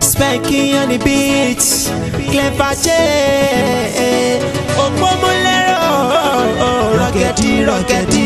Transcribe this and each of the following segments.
Spanking on the beat, clever jay, Òpómúlérò, rọ̀gẹ̀dì rọ̀gẹ̀dì.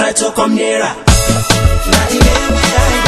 try to come nearer. Not even when I